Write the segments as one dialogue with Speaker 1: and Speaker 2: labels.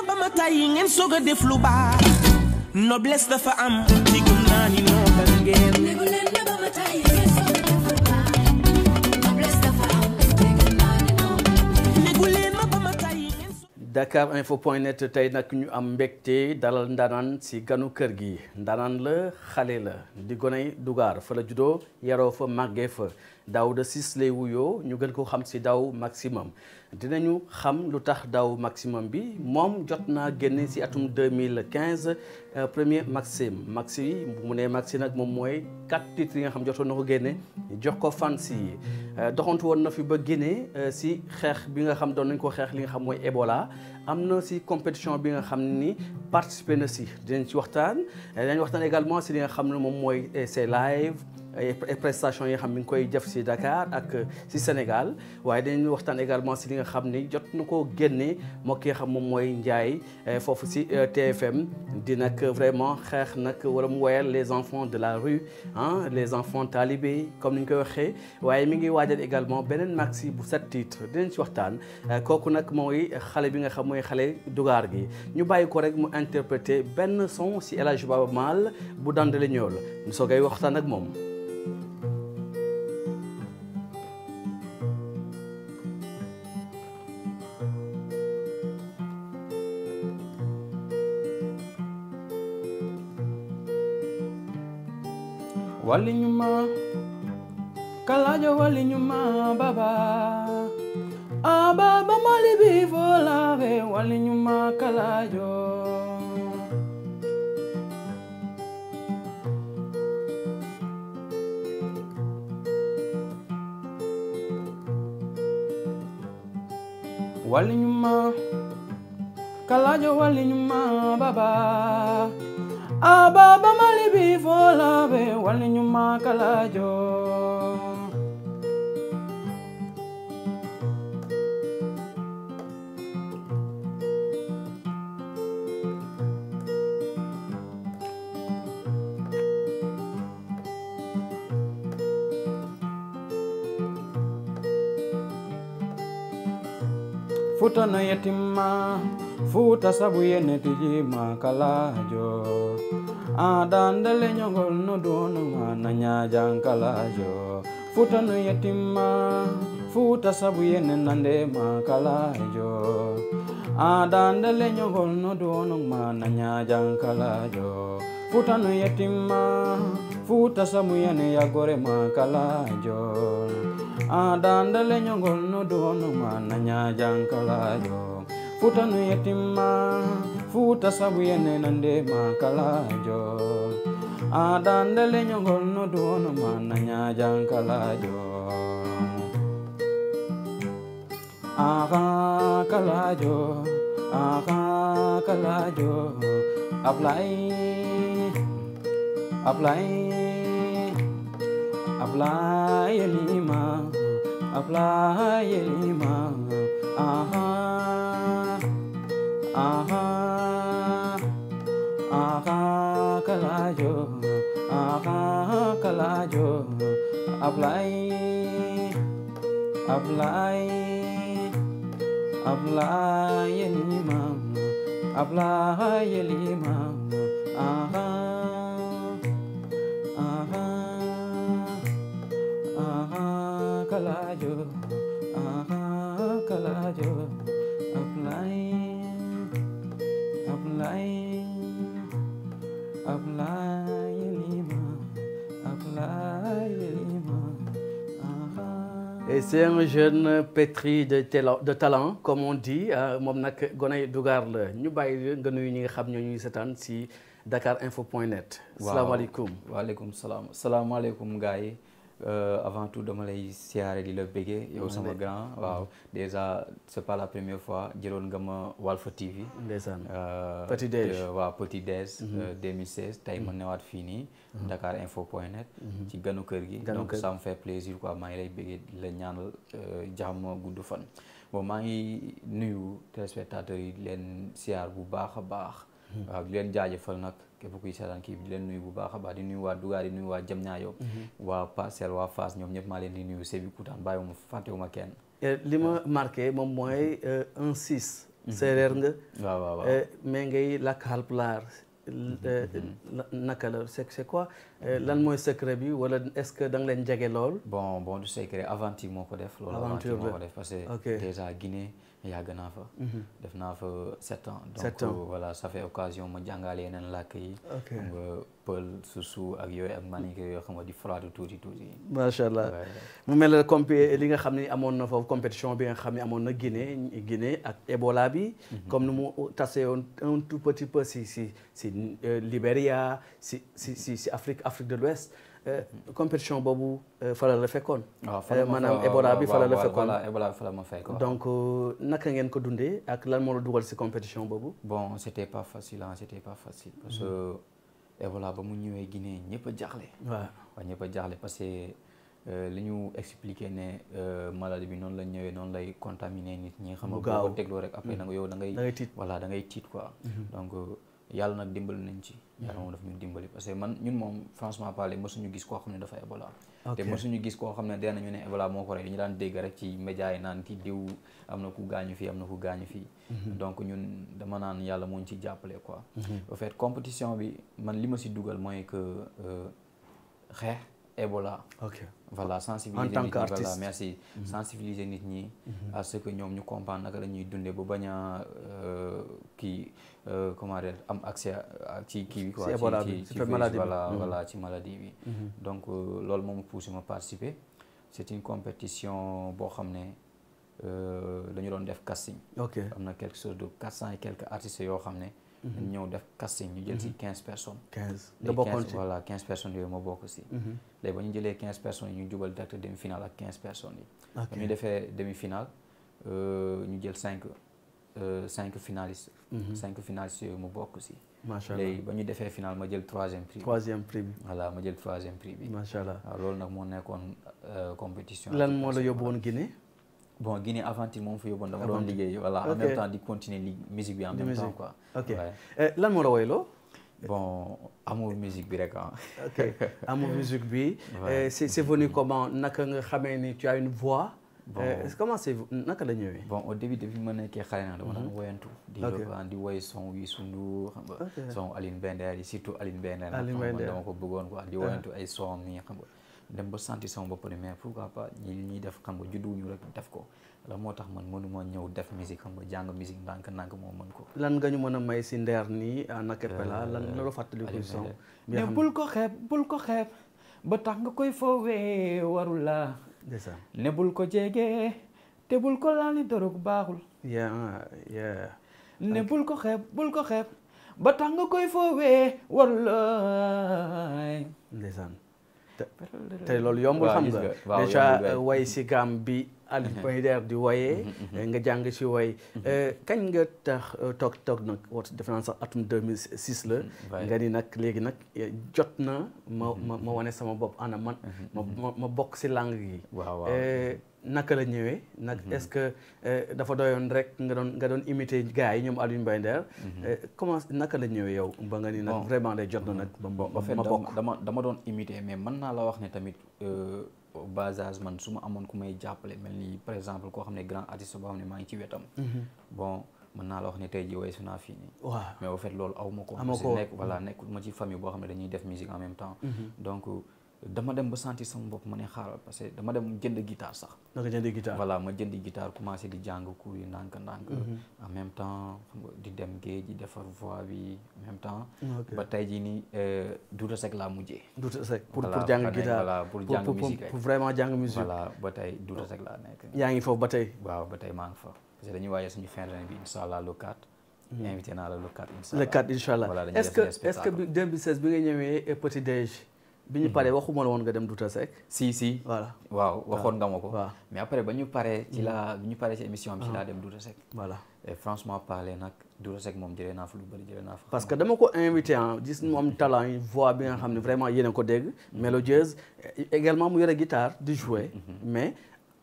Speaker 1: nga ba ma tàyyi ngeen soog a def lu baax noblesse dafa am di gëm naa ni moo gën ngeen
Speaker 2: Dakar Info point net tey nag ñu am mbégte dalal ndaanaan si ganu kër gi ndaanaan la xale la di goney dugaar fa la juddoo yaroo fa màggee fa Daouda Ciss lay wuyoo ñu gën ko xam ci Daw Maximum dinañu xam lu tax Daw Maximum bi moom jot naa génne ci atum 2015 euh, premier maxim maxi yi mu ne maxi nag moom mooy quatre titres yi nga xam jotoon na ko génne jox ko fans yi euh, doxantu woon na fi ba Guinée euh, ci xeex bi nga xam doon nañ ko xeex li nga xam mooy Ebola am na ci compétition bi nga xam ni participé na ci dinañ ci waxtaan dinañ waxtaan également ci li nga xam ne moom mooy c'est live ay euh, prestation yi nga xam mi ngi koy jëf si Dakar ak si euh, Sénégal waaye dañu waxtaan également si li nga xam ni jot na ko génne moo ki xam moom mooy Ndiaye euh, foofu si TFM di nag vraiment xeex nag wala mu woyal les enfants de la rue ah les enfants talibés comme ni ñu koy waxee waaye mi ngi waajal également beneen maxi bu sept titres dinañ si waxtaan kooku nag mooy xale bi nga xam mooy xale dugar gi ñu bàyyi ko rek mu interpréter benn son si El Hadj Baba Maal bu dandale ñool ñu soogay waxtaan ak moom
Speaker 1: wali nyuma kalaja wali baba ah baba mali bivo lave wali nyuma kalajo baba ababa malibi folaɓe walni ñumma kalajo futano yetimma fuuta sabu yeneti jima kalajo adandele ñogol no donuma na ñajan kalajo futa no yetimma fuuta sabu yene nandema kalajo adandele ñogol no donuma na ñajan kalajo futa no yetimma fuuta sabu yene yagorema kalajo adandele ñogol no donuma na ñajan kalajo futanu yetimma futa sabu yene nande makalajol adandele ñogol no duwono mana ñajankalajol aha kalajo
Speaker 2: aha kalajo
Speaker 1: ablay ablay ablay yelima ablay yelima aha aha aha kalajo aha kalajo Ablaye Ablaye Ablaye limam Ablaye limam aha aha aha kalajo aha kalajo Ablaye applying, applying lima,
Speaker 2: de talent de talent comme on dit euh, moom nag gone dugaar la ñu bàyyi nga nuyu ñi nga xam ñoo ñuy seetaan si Dakar info point net. waaw salaamaaleykum waaleykum salaam salaamaaleykum gars yi. Euh, avant tout dama lay siyaare
Speaker 3: di la béggee yow sama grand waaw déjà c'est la première fois jëloon nga ma Walfa TV ndeysaan euh, Petit Déj euh, waaw Petit Déj 2016 mhm. tey ma mhm. newaat fii nii mhm. Dakar Info point net ci ganu kër gi donc ça me fait plaisir quoi maa ngi lay béggee di la ñaanal jàmm gudd fan bon maa ngi nuyu téléspectateurs yi di leen siyaar bu baax a baax waaw di leen jaajëfal nag képp kuy seetaan kii di leen nuyu bu baax a baax di nuyu waa Dugaar di wa waa Jamñaayo mhm. waa Parcelles waa Fass ñoom ñëpp maa leen di nuyu Sébi Koutaan bàyyiwuma fàttewuma kenn
Speaker 2: eh, li ma marqué moom mooy eh, un six mhm. séeréer nga waaw waaw waaw eh, mais ngay làkk Haalpulaar mhm. naka la c'est quoi lan mooy secret bi wala est-ce que da nga leen jege lool bon bon du secret aventure
Speaker 3: moo ko def loolu aventure moo ko def parce que déjà yàgg naa fa. Mhm. def naa fa sept ans. sept ans voilà ça fait occasion ma jàngale yeneen làkk yi. ok xam pël susu ak yooyu am maninke yoo xam nga di faraatu tuuti tuuti.
Speaker 2: macha allah mu mel ne compé li nga xam ne amoon na foofu compétition bi nga xam ne amoon na Guinée Guinée ak Ebola bi. Mhm. comme ni mu tasee woon un tout petit si si si euh, Libéria si si si Afrique Afrique de l'Ouest Euh, compétition boobu euh, fala la fekkoon. Ah, euh, maanaam Ebola bi fala la fekkoon Ebola bi fala ma fekkoon. donc naka ngeen ko dundee ak lan moo la dugal si compétition boobu. bon c' était pas facile ah c' était pas facile. parce mm. que Ebola ba mu ñëwee
Speaker 3: Guinée ñëpp a jaaxle. waaw waaw ñëpp a jaaxle parce que. li ñu expliqué ne maladie bi noonu la ñëwee noonu lay contaminé nit ñi. xam nga boo ko tegloo rek après mm. da nga yow da ngay. da ngay tiit voilà da ngay tiit quoi. Mm-hmm. donc yàlla nag dimbali nañ ci. Mhm. yàlla moom daf ñu dimbali parce que man ñun moom franchement parler mësuñu gis koo xam ne dafa Ebola. te mësuñu gis koo xam ne dee nañu ne Ebola moo ko rey dañu daan dégg rek ci média yi naan ki diw am na ku gaañu fii am na ku gaañu fii. Mhm. donc ñun dama naan yàlla moo ñu ci ko quoi. Mhm. au compétition bi man li ma si dugal mooy que euh, xeex Ebola. ok voilà sensibiliser nit ñi en tant qu'artiste merci sensibiliser nit ñi. à que ñoom ñu comprendre naka la ñuy bu ba bañ a euh, kii. comment eh, dire am accès ci kii bi quoi ci ci voilà voilà ci maladie bi hmm. donc euh, loolu moom poussé ma participer c'est une compétition boo xam ne euh, dañu doon def casting am na quelque chose de quatre cent et quelques yoo xam ne hmm. dañ ñëw def casting ñu jël si hmm. quinze personnes quinze nga bokkoon ci voilà quinze personnes yooyu ma bokk si léegi ba ñu jëlee quinze personnes yi ñu jubal direct demi-finale ak quinze personnes yi ñu defee demi-finale euh, ñu jël cinq Euh, cinq finalistes. Mhm. cinq finalistes yooyu mu bokk si. macha allah ba ñu defee final ma jël troisième prix. troisième prix bi voilà ma jël troisième prix bi. macha allah waaw loolu nag moo nekkoon euh, compétition. lan moo la yóbbu woon Guinée. bon Guinée aventure moom fa yóbboon dama doon liggéey. voilà en même temps di continuer li musique
Speaker 2: bi en même temps quoi. ok euh, lan bon amour musique bi rek ah. ok amour bi. c'est c'est venu comment naka nga xamee ni tu as une voix. bon euh, comment c'est naka la ñëwee. bon au début depuis ma nekkee xale na dama daan mhm. woyantu. di ah,
Speaker 3: di woy son wi sunduur. xam nga la ah. moo tax man mënuma ñëw def musique xam nga jàng musique ndànk ndànk moo mën
Speaker 2: ko. lan nga ñu mën a may si ndeer nii en acapella euh, lan loolu nga koy
Speaker 1: foowee warul ne bul ko jege te bul ko laali dorog baaxul
Speaker 2: uh,
Speaker 1: ne bul ko xeeb bul ko xeeb ba tax nga foowe foowee wallaay
Speaker 2: ndeysaan tey loolu yombul xam nga uh, bi Alioune Paye mhm. Der di woyee mhm, mhm, nga jàng ci woy eh, kañ nga tax eh, toog toog nag wat defe naa sax atum 2006 la nga ni nag léegi nag eh, jot na ma ma wane sama bopp ana man ma ma bokk ci langue gi waaw naka la ñëwee nag est-ce que dafa doyoon rek nga doon nga doon imiter gars yi ñoom Alioune Mbaye Nder comment naka la ñëwee yow ba nga ni nag vraiment day jot na nag ba ma bokk
Speaker 3: dama dama doon imiter mais mën naa la wax ne tamit euh, bas âge man su ma amoon ku may jàppale mel ni par exemple koo xam ne grand artiste boo xam ne maa ngi ci wetam. Mhm. bon mën naa la wax ne tey jii way su naa fii nii. mais au fait loolu aw ma ko. amoo ko nekk voilà mhm. nekk ma ci famille boo xam ne dañuy def musique en même temps. Mhm. dama dem ba sentir sama bopp ma ne xaaral parce que dama dem jënd guitare sax. nga ma jënd guitare commencé di jàng cours yi ndànk ndànk. Mm-hmm. en même temps di dem géej di defar voix bi en même temps. ba tey jii nii euh, laa
Speaker 2: mujjee. pour pour jàng guitare
Speaker 3: ba tey Douta Seck laa nekk.
Speaker 2: yaa ngi foofu ba tey.
Speaker 3: waaw ba tey maa ngi fa parce que dañuy waajal suñu fin d'année bi incha allah le 4. Mm-hmm. invité naa la le
Speaker 2: bi nga ñëwee petit déj. bi ñu mhm. paree waxuma la woon nga dem Douta Seck. si si waaw waxoon nga ma ko. waaw
Speaker 3: mais après ba ñu paree. ci mhm. la bi ñu paree ci émission bi ci laa ah. dem Douta Seck. voilà et franchement parler nag Douta Seck moom jëlee naa fa lu bëri jëlee naa fa.
Speaker 2: parce que dama ko invité ah gis mu am talent bi nga xam ne vraiment yéen ko dégg. Mhm. mélodieuse également mu yore guitare di jouer mais.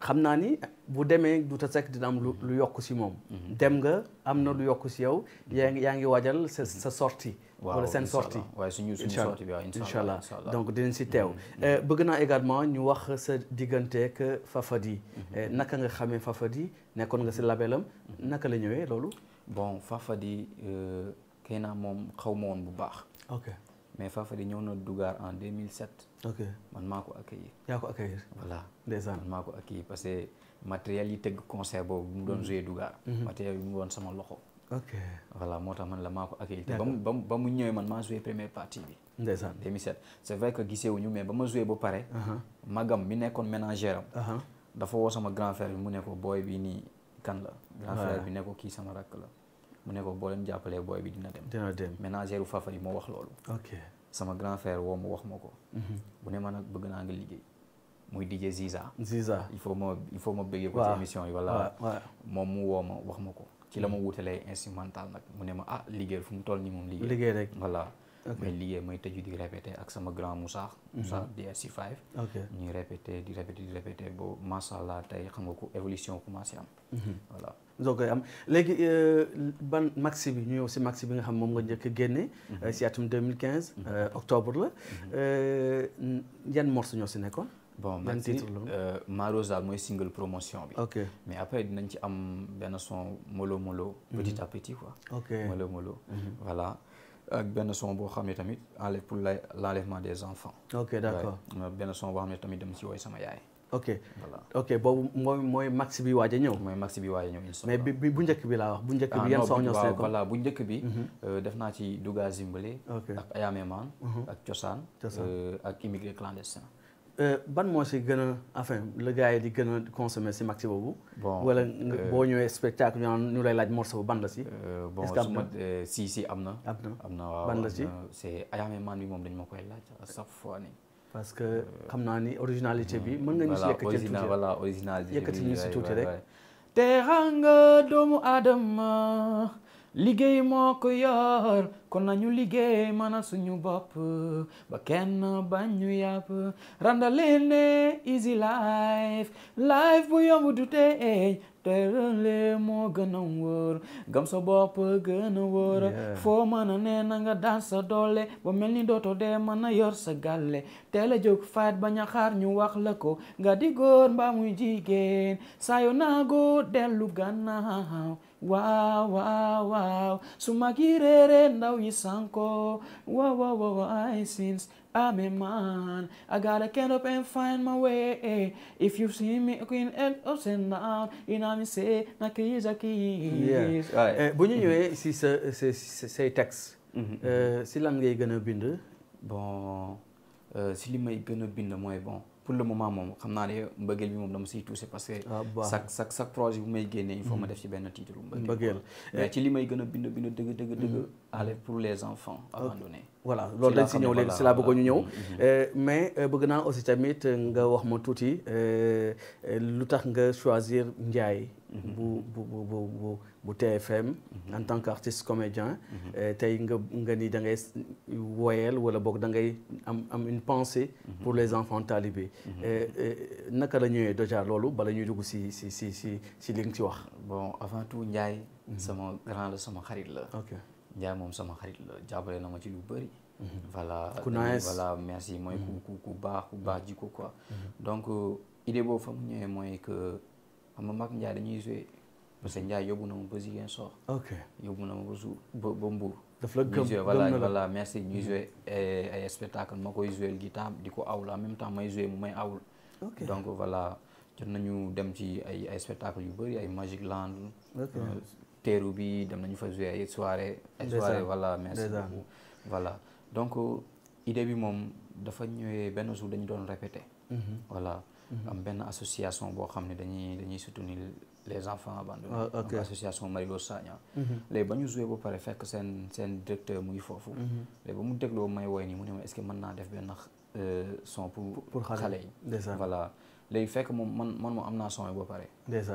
Speaker 2: xam naa ni bu demee Douta Seck dina am lu yokk si moom mhm. dem nga am na lu yokk si yow mhm. yaa ngi yaa ngi waajal sa mhm. sa sortie wala seen sortie waaye suñu suñu sortie bi incha allah donc dinañ si teew euh, bëgg naa également ñu wax sa digganteek Fafadi euh, naka nga xamee Fafadi nekkoon nga si labelam naka la ñëwee loolu bon Fafadi euh, kay naa moom xaw ma woon bu baax mais Fafadi ñëw na Dougar
Speaker 3: en 2007. ok man maa ko accueillir. yaa ko accueillir. voilà ndeysaan man maa ko accueillir parce que matériel yi tëgg concert boobu bu mu doon mm-hmm. joué Dougar. Mm-hmm. matériel yi mu woon sama loxo. ok moo tax man la maa ko accueillir. te ba mu ñëwee man maa joué première partie bi. ndeysaan 2007 c' vrai que gisewuñu mais ba ma joué ba pare. Uh-huh. magam mi nekkoon ménagère am. Uh-huh. dafa woo sama grand frère bi mu ne ko booy bi nii kan la. grand frère bi ne ko kii sama rakk la. mu ne ko boo leen jàppalee booy bi dina dem. dina dem ménagère Fafali moo wax loolu. ok sama grand frère woo mu wax ma ko. Mhm. bu ne ma nag bëgg naa nga liggéey. muy DJ Ziza. Ziza il faut ma il faut ma bëggee ko ci yi. wala moom mu woo ma wax ma ko. ci la ma mhm. wutalee instrumental nag mu ne ma ah liggéey fu mu toll nii moom liggéey. liggéey rek voilà. may liggéey may tëju di répété ak sama grand Moussa. Moussa mhm. di SC5. ok ñuy di répété di répété ba macha allah
Speaker 2: tey xam nga ko évolution commencé am. Mhm. voilà soo koy am léegi euh, ban maxi bi ñu si maxi bi nga xam moom nga njëkk a génne. Mhm. Euh, si atum 2015. Euh, octobre la. yan morceau ñoo si nekkoon. bon man si
Speaker 3: Marosa mooy single promotion bi. ok mais après dinañ ci am benn son molo molo. petit à petit quoi. molo molo. voilà. ak benn son boo xam ne tamit enlève pour l'enlèvement des enfants. ok d'accord euh, benn son boo xam ne tamit dem ci woy sama yaay.
Speaker 2: ok boobu mooy mooy max bi waaj a ñëw.
Speaker 3: mooy max bi waaj a ñëw
Speaker 2: mais bi bu njëkk bi laa wax bu njëkk bi ah, yan son ñoo see ko voilà
Speaker 3: bu njëkk bi. Mhm. Euh, def naa ci Douga Zimbale. ak Ayame Man. Mhm. ak Cosaan. Euh, ak immigré clandestin.
Speaker 2: Euh, ban moo si gën a enfin le gars yi di gën a consommer si maxi boobu. bon euh, boo ñëwee spectacle ñu lay laaj morceau ban la euh, si. est-ce am na bon si na. am na waaw ban la si. c'est Ayame Man bi moom dañ ma koy laaj à chaque fois nii. parce que xam naa ni originalité bi mën nga ñu si yëkkati tuuti rek voilà originalité bi yëkkati ñu si
Speaker 1: doomu Adama. liggéey moo ko yor kon nañu liggéey mana suñu bopp ba kenn bañ ñu yàpp randaleen ne easy life life bu yomb du teey tërale moo gën a wóor gam sa bopp gën a foo mën a ne na nga daan sa doole ba mel ni dooto dee mën a yor sa gale teel a jóg fayit bañ a xaar ñu wax la ko nga di góor mbaa muy jigéen saa yo naagoo dellu gannaaw waaw waaw waaw su ma gireere ndaw yi sanko waaw waaw waaw I since I'm a man I up and find my way if you see me in ups and down ina mi se na kiis a kiis bu ñu mm-hmm. ñëwee
Speaker 2: si say texte mm-hmm, eh, mm-hmm. si lan ngay gën a bind bon
Speaker 3: eh, si li may gën a bind mooy bon pour le moment moom xam naa ne mbëggeel bi moom dama siy touché parce que. Ah, chaque chaque chaque projet bu may génnee. il faut ma mm-hmm. def ci benn titre mbëggeel. mais ci li may gën a bind bind dëgg dëgg dëgg. Mm-hmm. aller pour les enfants abandonnés. voilà loolu dañ si ñëw léegi si laa bëgg
Speaker 2: ñu ñëw. Mm-hmm. Euh, mais euh, bëgg naa aussi tamit nga wax ma tuuti euh, lu tax nga choisir Ndiaye. bu bu bu bu bu TFM. Mhm. en tant qu'artiste comédien. Mhm. Eh, tey nga nga ni da ngay wala boog da ngay am am une mhm. pour les enfants talibés. Eh, eh, naka la ñëwee loolu bala ñuy dugg si si si si si li nga ci wax. bon avant tout Ndiaye. sama grand sama xarit la. ok
Speaker 3: Ndiaye moom sama xarit la jàppale na ma ci lu bëri. voilà baax ku baax jikko quoi. donc euh, idée boobu fa mu ñëwee mooy que. xam nga mag Ndiaye dañuy joué parce que Ndiaye yóbbu na ma ba Ziguinchor. ok yóbbu na ma ba su ba ba Mbour. la gëm gëm voilà voilà merci ñuy mhm. joué eh, ay spectacle ma koy joué guitare di ko awul en même temps may joué mu may awul. ok donc voilà jot nañu dem ci ay ay spectacle yu bëri ay Magic Land. Euh, teeru bi dem nañu fa joué ay soirée. ay soirée voilà donc euh, idée bi moom dafa ñëwee benn suuf dañu doon répété. Mhm. voilà. Mm-hmm. am benn association boo xam ne dañuy dañuy soutenir les enfants abandonnés. Ah, ok association Marilo Sagna. Mm-hmm. léegi ba ñu joué ba pare fekk seen seen directeur mu ngi foofu. Mm-hmm. léegi ba mu dégloo may woy nii mu ne ma est-ce que man naa def benn euh, son pour. pour xale yi voilà léegi fekk moom man man moom am naa son yi ba pare.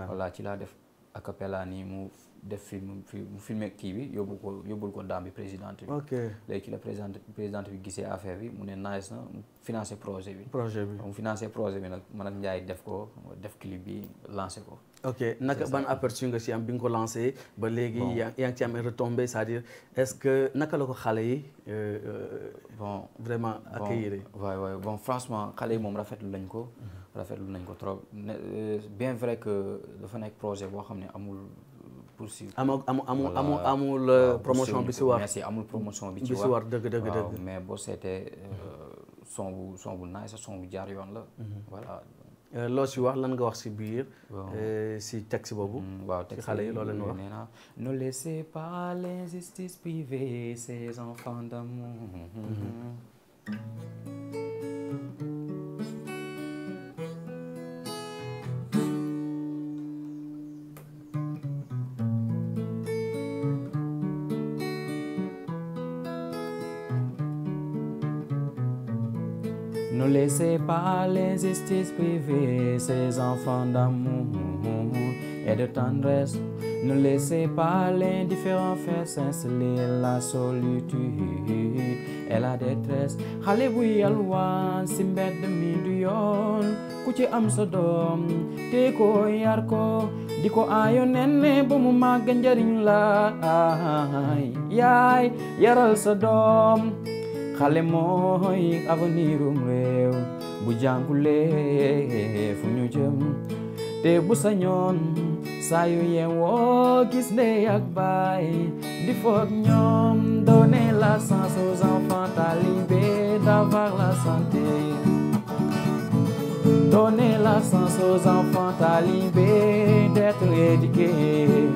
Speaker 3: voilà ci laa def. acapella nii mu def film mu filmé kii bi yóbbu ko yóbbul ko daam bi présidente bi. ok léegi ci la présidente bi gisee affaire bi mu ne nice na mu financé projet bi. projet bi mu financé projet bi nag man ak Ndiaye def ko def clip bi lancé ko. ok naka ban
Speaker 2: aperçu nga si am bi nga ko lancé. ba léegi yaa yaa ngi ci am retombé cest dire est que naka la ko xale yi. Euh, euh, bon vraiment accueillir. waaye waaw bon franchement xale yi moom rafetlu lañ ko. Mhm. rafetlu nañ ko trop euh, bien
Speaker 3: vrai que dafa nekk projet boo xam ne amul poursuivre. amul amul amul amul euh, promotion bi si war merci amul promotion bi ci war dëgg dëgg dëgg mais boo seetee euh, son bu son bu naay son bu jaar yoon la mhm. voilà
Speaker 2: loo si wax lan nga wax si biir si texte boobu mm, waaw texte xale yi loolu leen wax nee na ne laissez pas
Speaker 1: l'injustice priver ces enfants d'amour mhm. Mhm. Passez par l'injustice privée, ces enfants d'amour et de tendresse. Ne laissez pas l'indifférent la solitude et la détresse. xale bu yalwaan si mbedd mi du yoon ku ci am sa doom ko yar ko di ko aayo nenne ba mu màgg njariñ la yaay yaral sa xale mooy avenir um réew bu jàngulee fu ñu jëm te bu sañoon saa yu yeewoo gis ndey baay di foog ñoom donner la chance aux enfants talibés d'avoir la santé donner la chance aux enfants talibés d'être éduqués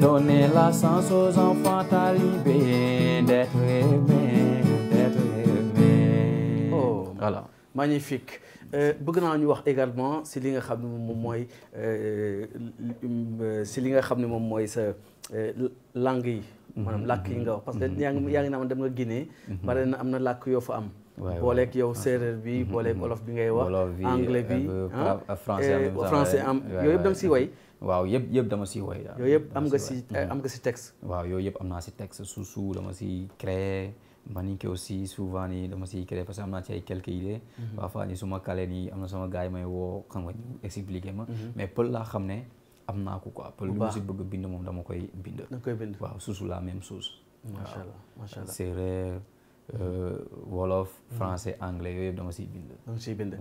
Speaker 1: Donnez la chance aux enfants
Speaker 2: talibés oh, Magnifique. Euh, bëgg naa ñu wax également si li nga xam ne moom mooy euh, si li nga xam ne moom mooy sa euh, langue yi. Mm-hmm. maanaam làkk yi nga wax parce que mm-hmm. yaa ngi mm-hmm. yaa ngi naan dem nga Guinée. bare na am na làkk yoo fa am. waay booleeg yow ah. séeréer bi booleeg olof bi ngay wax. anglais bi ah. français am yooyu yëpp da nga way.
Speaker 3: waaw yëpp yëpp dama si woy daal yooyu yëpp am nga si mhm. eh, am nga si texte waaw yooyu yëpp am naa si texte suusu dama si créé maniqué aussi souvent nii dama siy créé parce que am naa ci ay quelques idées mhm. parfois ni su ma kalee nii am na sama gars yi may woo xam nga ñu ma mhm. mais pël laa xam ne am naa ko quoi pël lu ma si bëgg bind moom dama koy bind dama koy
Speaker 2: bind waaw suusu la même chose macha allah macha allah séeréer Euh, wolof français anglais yooyu yëpp dama siy bind.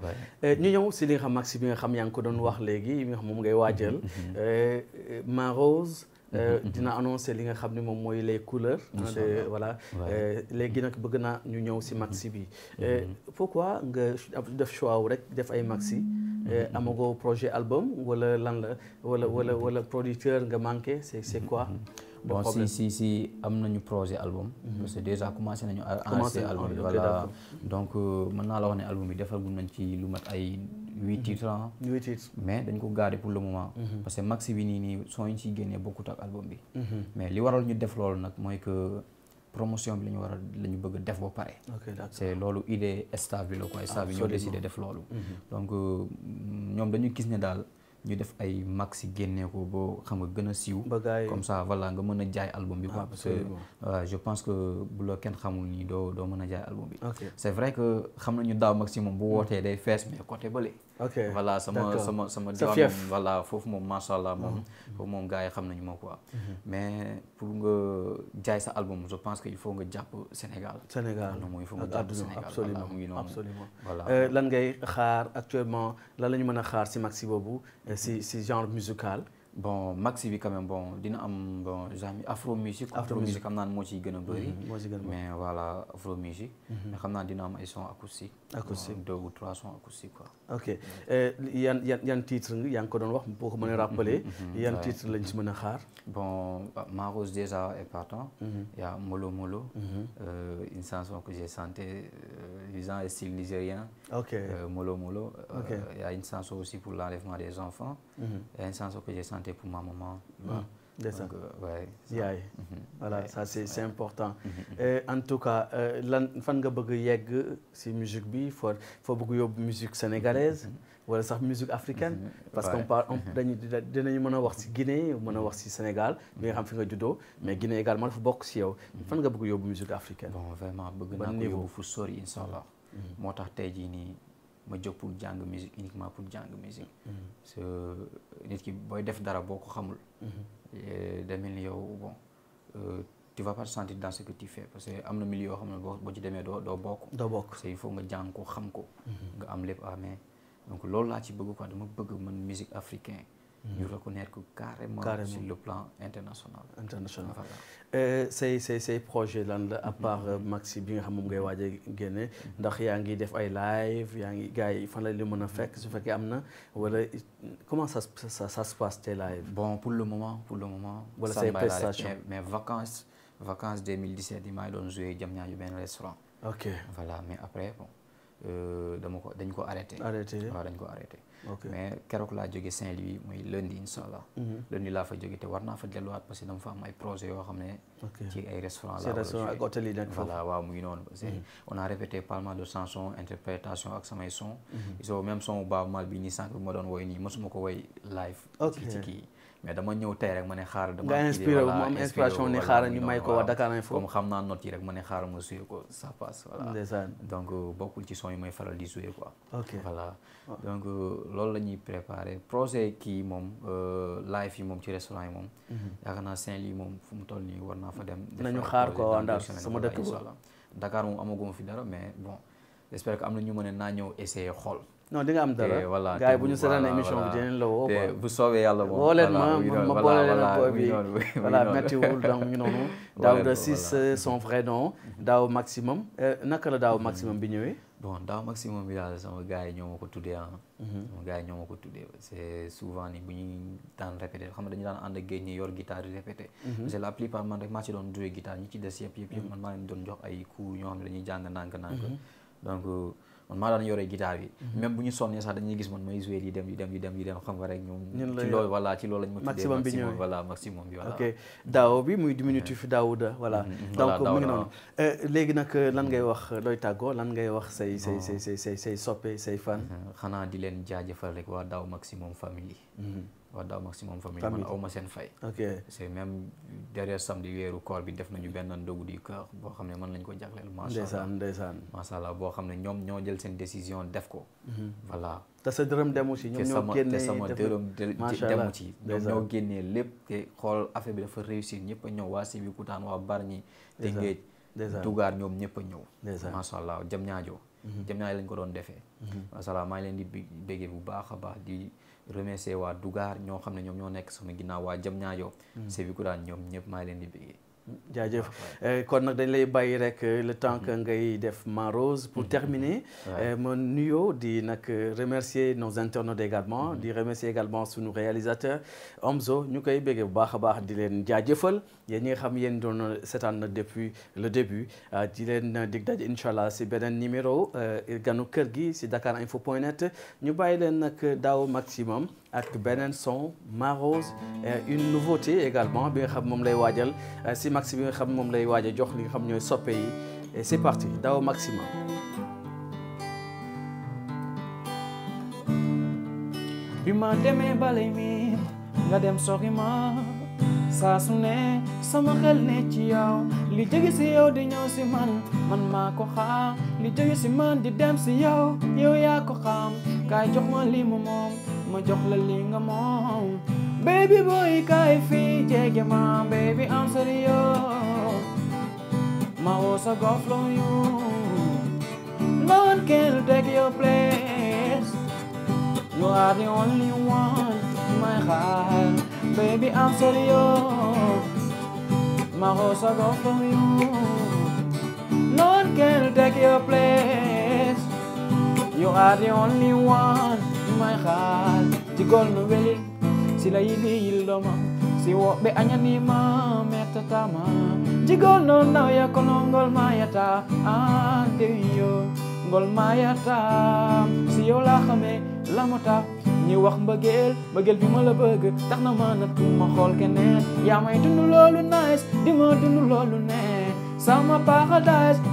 Speaker 2: Euh, ñu ñëw si li nga xam max bi nga xam yaa ngi ko doon wax léegi yi nga xam moom ngay waajal. Mm-hmm. Mm-hmm. Euh, Marose. Mm-hmm. dina annoncé li nga xam ne moom mooy les couleurs. voilà léegi nag bëgg naa ñu ñëw si maxi bi. pourquoi nga def choix wu rek def ay maxi. amagoo projet album wala lan la wala wala wala producteur nga manqué c'est c'est quoi. bon si
Speaker 3: si si am nañu projet album. Mhm. parce que déjà commencé nañu album bi voilà donc euh, mën naa la wax ne album bi defagum nañ ci lu mat ay mhm. mais dañ ko garder pour le moment. Mhm. parce que maxi bi nii nii son yi ciy génnee bokkut ak album bi. mais li waral ñu def loolu nag mooy que. promotion bi la ñu war a la ñu bëgg a def ba pare c'est loolu idée staff bi la quoi staff euh, ñoom dañu gis ne daal ñu def ay maxi génnee ko boo xam nga gën a siiw. comme ça voilà nga mën a jaay album bi. parce que euh, je pense que bu la kenn xamu nii doo doo mën a jaay album bi. c'est vrai que xam nañu daaw maximum bu wootee day fees mais côté bële. ok voilà sama sama sama diwaan voilà foofu moom macha allah moom mhm. foofu moom gars yi xam nañu ma quoi. Mhm. mais pour nga jaay sa album je pense que il faut nga jàpp Sénégal. Sénégal non mooy il faut nga jàpp Sénégal absolument absolument voilà
Speaker 2: euh, lan ngay xaar actuellement lan la ñu mën a xaar si maxi boobu euh, si si genre musical. bon maxi bi bon dina am bon genre
Speaker 3: afro musique. afro musique xam naa moo ci gën a bëri. Mm-hmm, moo ciy gën a bëri mais voilà afro musique. Mm-hmm. mais xam naa dina am ay sons acoustiques. acoustiques deux ou trois sons acoustiques quoi.
Speaker 2: ok euh, yan yan yan ko doon wax boo ko mënee mm-hmm, rappeler. yan titre
Speaker 3: lañ ci mën a xaar. bon Maros déjà est partant. a Molo Molo. Euh, une chanson que j'ai chantée usant euh, style nigérien. Okay. Euh, Molo Molo. Euh, okay. Euh, il y a une chanson aussi pour l'enlèvement des enfants. Mm -hmm. Il y a une chanson que j'ai chantée pour ma maman. Bah. Mm.
Speaker 2: Donc, euh, ça. Mhm. Mhm. Ouais, ça. Yeah. Mm -hmm. Voilà, yeah. ça c'est important. Mhm, Et euh, en tout cas, lan fan nga bëgg yegg si musique bi foo foo bëgg yóbbu musique sénégalaise. wala sax musique africaine parce qu'on parle on dañu dinañu mën a wax si Guinée mën a wax si Sénégal bi nga xam fi nga juddoo mais Guinée également dafa bokk si yow fan nga bëgg yóbbu musique africaine bon vraiment bëgg naa ko yóbbu fu sori
Speaker 3: inshallah Mm-hmm. moo tax tey jii nii ma jóg jàng musique uniquement pour jàng musique mm-hmm. so nit ki booy def dara boo ko xamul mm-hmm. eh, demel ni yow bon euh, tu vas pas te sentir dans ce que tu fais am na milieu yoo xam ne boo ci demee doo doo bokk doo bokk c'est il faut nga jàng ko xam ko nga am lépp amee ah, donc loolu laa ci bëgg quoi dama bëgg man musique africain ñu mm-hmm. reconnaître ko carrément. carrément sur le plan international. international
Speaker 2: voilà. Euh, say say say projet lan la à part mm-hmm. euh, maxi bi nga xam moom ngay waaj a génne mm-hmm. ndax yaa ngi def ay live yaa ngi gars yi fan la li mën a fekk su fekkee am na wala comment ça sa sa sa passe tes live. bon pour le moment pour le moment. wala say prestation
Speaker 3: mais vacances vacances 2017 yi maa ngi doon a Diamniadio benn restaurant. ok voilà mais après Euh, dama ko dañ ko arrêté. arrêté waaw dañ ko arrêté. mais keroog laa jóge Saint-Louis muy lundi incha allah. Mhm. lundi laa fa jóge te war naa fa delluwaat parce que dama fa am ay projet yoo xam ne. ci ay restaurant la restaurant ak hôtel yi nekk foofu voilà waaw muy noonu. parce que mhm. répété pas de chansons interprétation ak samay son. Mhm. so même son Baaba Maal bi nii sànq ma doon woy nii mosuma ko woy live. ci ci kii mais dama ñëw tey rek ma ne xaaral dama nga inspiré mu am inspiration ne xaaral ñu may ko waa Dakar Info comme rek ma ne xaaral ma suyee ko ça passe voilà ndeysaan donc euh, bokkul ci son yi may faral di suyee ah. donc euh, loolu la ñuy préparé projet kii moom euh, live yi moom ci yi moom mhm. yaakaar naa Saint-Louis moom fu mu toll nii war naa fa dem nañu xaar ko waa Ndar sama dëkk Dakar moom amaguma fi dara mais bon j'espère am na ñu mën a naa ñëw essayer xool
Speaker 2: non di nga am dara gars yi bu ñu seetaan émission bi dinañ la woo quoi bu soobee yàlla moom woo leen ma ma boole leen ak booy bi voilà méttiwul donc ñu noonu Daouda Ciss euh, son vrai nom daaw maximum euh, naka la daaw maximum bi ñëwee bon daaw maximum bi daal sama gars yi ñoo ma ko tuddee ah mhm. sama gars yi ñoo ma ko tuddee
Speaker 3: c'est souvent ni bu ñuy daan répété xam nga dañu daan ànd ak géej ñi yor guitare di répété parce mhm. que la plupart man rek maa ci doon joué guitare ñi ci des yëpp yëpp yëpp mhm. man maa leen doon jox ay cours ñoo xam ne dañuy jàng nànk nànk donc euh, man maa daan yore guitare yi mhm. même bu ñu sonnee sax dañuy gis man may jouer yi dem di dem di dem di dem
Speaker 2: xam nga rek ñoom ci loolu voilà ci loolu lañ ma tuddee maximum voilà maximum bi voilà ok daaw bi muy diminutif mhm. daawuda voilà mhm, donc mu ngi noonu euh, léegi nag euh, lan ngay wax euh, looy tàggoo lan ngay wax say say say say say say soppe say fan xanaa di leen jaajëfal rek waa daaw maximum
Speaker 3: family Wadda maximum famille man aw ma seen fay. ok c'est même derrière samedi weeru koor bi def nañu benn ndogu di kër boo xam ne man lañ ko jagleel. macha allah boo xam ne ñoom ñoo jël seen décision def ko. Mhm. voilà
Speaker 2: te sa dërëm demu ci ñoom ñoo génnee te sama dërëm demu ci ñoom ñoo
Speaker 3: génnee lépp te xool affaire bi dafa réussir ñëpp a ñëw waa Sébikotane waa Bargny. Tëngéej Dugaar ñoom ñëpp a ñëw. macha allah jam ñaajo. jam ko doon defee. Mhm. macha allah maa ngi leen di béggee bu baax a baax di remercier waa Dugar ñoo xam ne ñoom ñoo nekk sama ginnaaw waa Jamñaajo mm. Sébi Kuraan ñoom ñëpp maa leen di bëggee
Speaker 2: jaajëf eh, kon nag dañ lay bàyyi rek eh, le temps que ngay def Marose pour mm-hmm. terminer mm-hmm. Eh, ma nuyoo di nag remercier nos internautes également mm-hmm. di remercier également sunu réalisateur Omzo ñu koy béggee bu baax a baax di leen jaajëfal yéen ñi nga xam yéen doon seetaan nag depuis le début ah, di leen dig daj incha allah si beneen numéro ganu kër gi si dakar info point net ñu bàyyi leen nag daaw maximum ak beneen son Marose euh, une nouveauté également bi nga xam moom lay waajal euh, si maxi bi nga xam moom lay waaj a jox li nga xam ñooy soppe yi et c'est parti daaw maxima bi ma
Speaker 1: demee balay mi nga dem sori ma saa su ne sama xel ne ci yow li jóge si yow di ñëw si man man maa ko xam li jóge si man di dem si yow yow yaa ko xam kaay jox ma lii ma moom ma jox la li nga moom baby boy kaay fii jege ma baby am serious ma woo sa loon you no can take your place you are the only one my heart baby I'm serious ma woo sa loon you no can take your place you are the only one may xaar ci golno welin sila yiɗi yildoma si woɓɓe añanima mettatama jigol noon nawya kono ngol mayata an dewiyo ngol mayata si yow laa xamee lamota ñi wax mbëggeel mbëggeel bi ma la bëgg tax na ma nattu ma xool keneen yaa may dund loolu di ma dund loolu nee sama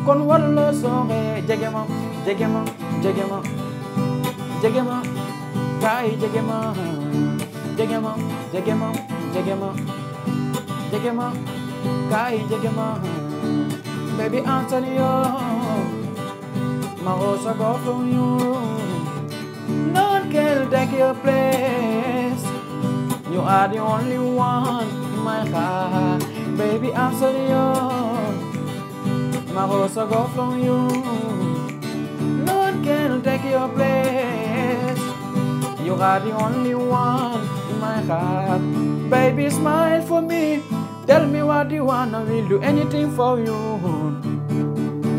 Speaker 1: kon waraloo sooxee jege ma jege ma jege ma kaay jege ma jege ma jege ma jege ma jege ma kaay jege ma baby Antonio ma also go from you no one can take your place you are the only one in my heart baby Antonio ma also go from you no one can take your place You are the only one in my heart. Baby, smile for me. Tell me what you want, I will do anything for you.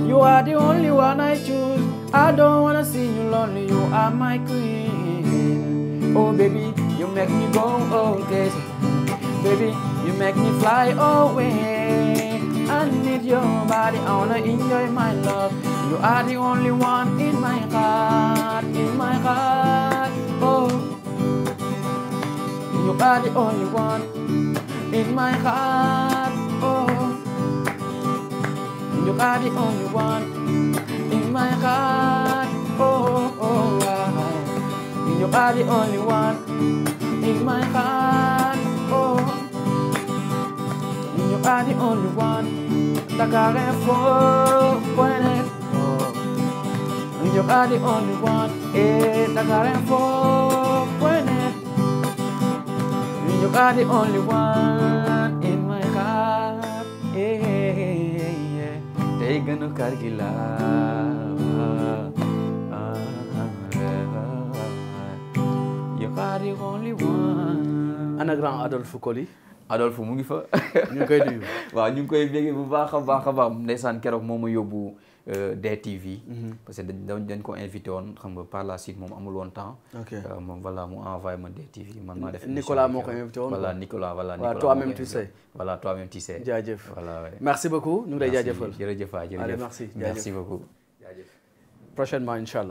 Speaker 1: You are the only one I choose. I don't wanna see you lonely, you are my queen. Oh, you make me go all crazy. Baby, you make me fly away. I need your body, I wanna enjoy my love. You are the only one in my heart, in my heart. oh. In your body, all you want. In my heart, oh. In your body, all you want. In my heart, oh, oh, oh. In your body, all you want. In my heart, oh. In your body, all you want. Like I can fall, when it, oh. In your body, all you want. Hey, the garden for when you are the only one in my heart. Hey, yeah, take a look at
Speaker 2: You are only one. Ana grand Adolphe Coly. mu ngi fa. ñu koy nuyu.
Speaker 3: ñu ngi koy bu baax a baax a baax ndeysaan keroog moo ma yóbbu. Euh, DTV. Mhm. parce que dañ dañ ko invité woon xam nga par la suite moom amul woon euh, moom voilà mu envoyé ma de man maa def. Nicolas moo ko invité woon voilà Nicolas voilà. Nicolas toi même voilà
Speaker 2: merci beaucoup ñu ngi lay jaajëfal. merci merci beaucoup. prochainement incha